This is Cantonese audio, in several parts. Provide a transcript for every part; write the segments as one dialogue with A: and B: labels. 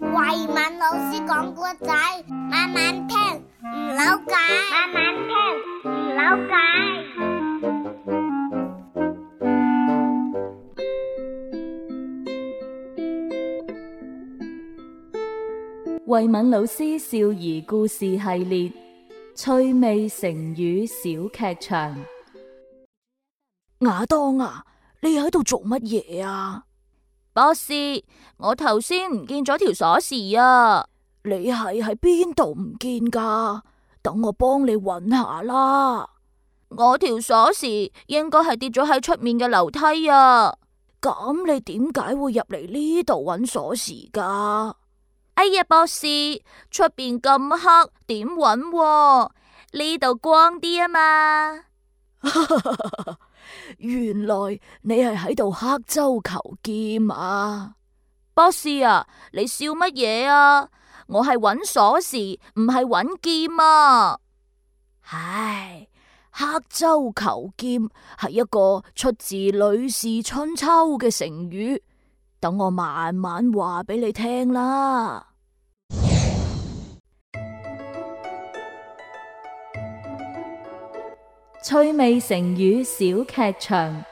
A: 慧敏老師講故仔，慢慢聽，唔好計。慢慢聽，唔好計。慧敏老師少兒故事系列《趣味成語小劇場》。亞當啊！你喺度做乜嘢啊，博士？我頭先唔見咗條鎖匙啊！你係喺邊度唔見噶？等我幫你揾下啦。我條鎖匙應該係跌咗喺出面嘅樓梯啊。咁你點解會入嚟呢度揾鎖匙噶？啊？哎呀，博士，出邊咁黑、啊、點揾？呢度光啲啊嘛。 原來你係喺度刻舟求劍啊！博士啊，你笑乜嘢啊？我係揾鎖匙，唔係揾劍啊！唉，刻舟求劍係一個出自《呂氏春秋》嘅成語，等我慢慢話俾你聽啦。趣味成語小劇場：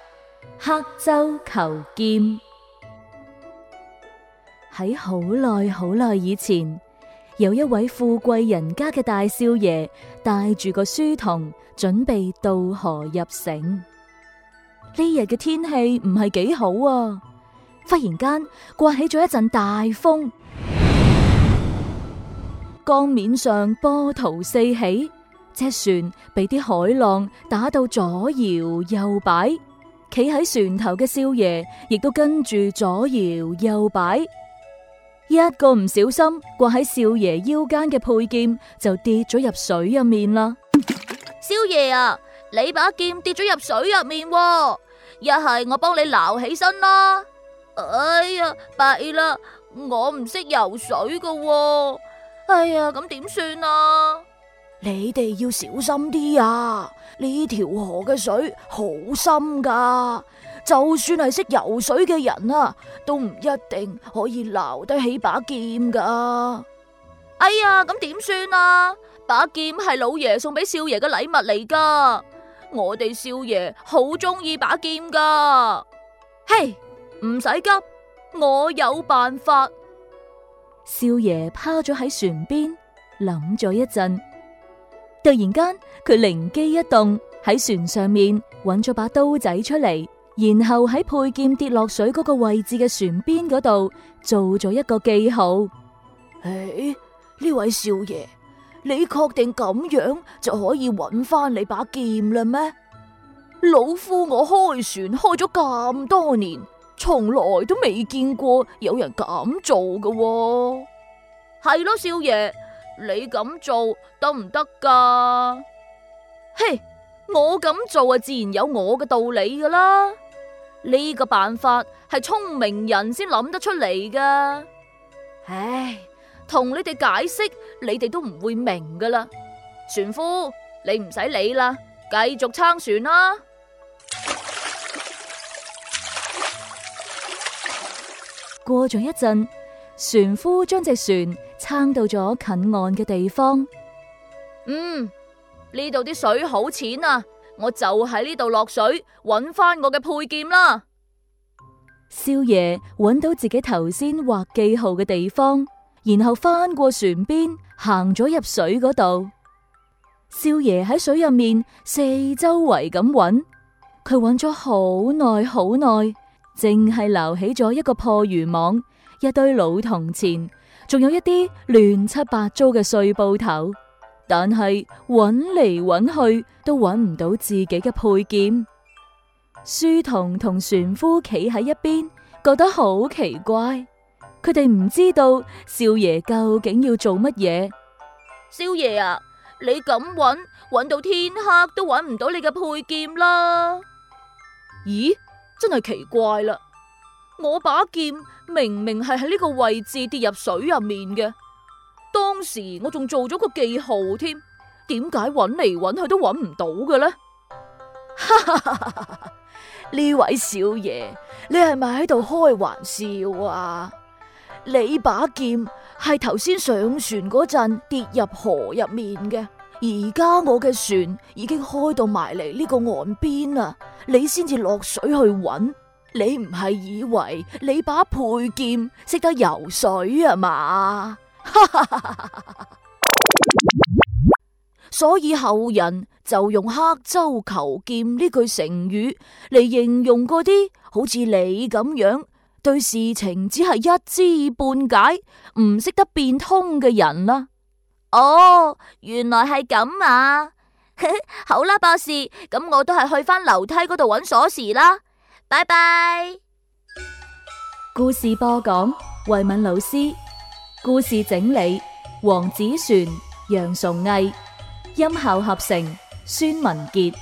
A: 刻舟求劍。喺好耐好耐以前，有一位富貴人家嘅大少爺，帶住個書童，準備渡河入城。呢日嘅天氣唔係幾好啊！忽然間颳起咗一陣大風，江面上波濤四起。隻船被啲海浪打到左搖右擺，企喺船頭嘅少爺亦都跟住左搖右擺，一個唔小心掛喺少爺腰間嘅配劍就跌咗入水入面啦！少爺啊，你把劍跌咗入水入面，一係我幫你撈起身啦！哎呀，弊啦，我唔識游水噶，哎呀，咁點算啊？你哋要小心啲啊！呢條河嘅水好深噶，就算係識游水嘅人啊，都唔一定可以撈得起把劍噶。哎呀，咁點算啊？把劍係老爺送俾少爺嘅禮物嚟噶，我哋少爺好中意把劍噶。嘿，唔使急，我有辦法。少爺趴咗喺船邊，諗咗一陣。突然間，佢靈機一動，喺船上面揾咗把刀仔出嚟，然後喺佩劍跌落水嗰個位置嘅船邊嗰度做咗一個記號。誒、哎，呢位少爺，你確定咁樣就可以揾翻你把劍啦咩？老夫我開船開咗咁多年，從來都未見過有人咁做嘅，哦。係咯，少爺。你咁做得唔得噶？嘿，我咁做啊，自然有我嘅道理噶啦。呢個辦法係聰明人先諗得出嚟噶。唉，同你哋解釋，你哋都唔會明噶啦。船夫，你唔使理啦，繼續撐船啦。過咗一陣。船夫將隻船撐到咗近岸嘅地方。嗯，呢度啲水好淺啊！我就喺呢度落水，揾翻我嘅佩劍啦。少爺揾到自己頭先畫記號嘅地方，然後翻過船邊，行咗入水嗰度。少爺喺水入面四周圍咁揾，佢揾咗好耐，好耐，淨係撈起咗一個破漁網。一堆老銅錢，仲有一啲亂七八糟嘅碎布頭，但係揾嚟揾去都揾唔到自己嘅佩劍。書童同船夫企喺一邊，覺得好奇怪，佢哋唔知道少爺究竟要做乜嘢。少爺啊，你咁揾，揾到天黑都揾唔到你嘅佩劍啦！咦，真係奇怪啦～我把劍明明係喺呢個位置跌入水入面嘅，當時我仲做咗個記號添，點解揾嚟揾去都揾唔到嘅咧？呢 位少爺，你係咪喺度開玩笑啊？你把劍係頭先上船嗰陣跌入河入面嘅，而家我嘅船已經開到埋嚟呢個岸邊啦，你先至落水去揾。你唔係以為你把配劍識得游水啊嘛？ 所以後人就用刻舟求劍呢句成語嚟形容嗰啲好似你咁樣對事情只係一知半解、唔識得變通嘅人啦。哦，原來係咁啊！ 好啦，博士，咁我都係去翻樓梯嗰度揾鎖匙啦。拜拜！故事播講：慧敏老師，故事整理：黃子璇、楊崇毅，音效合成：孫文杰。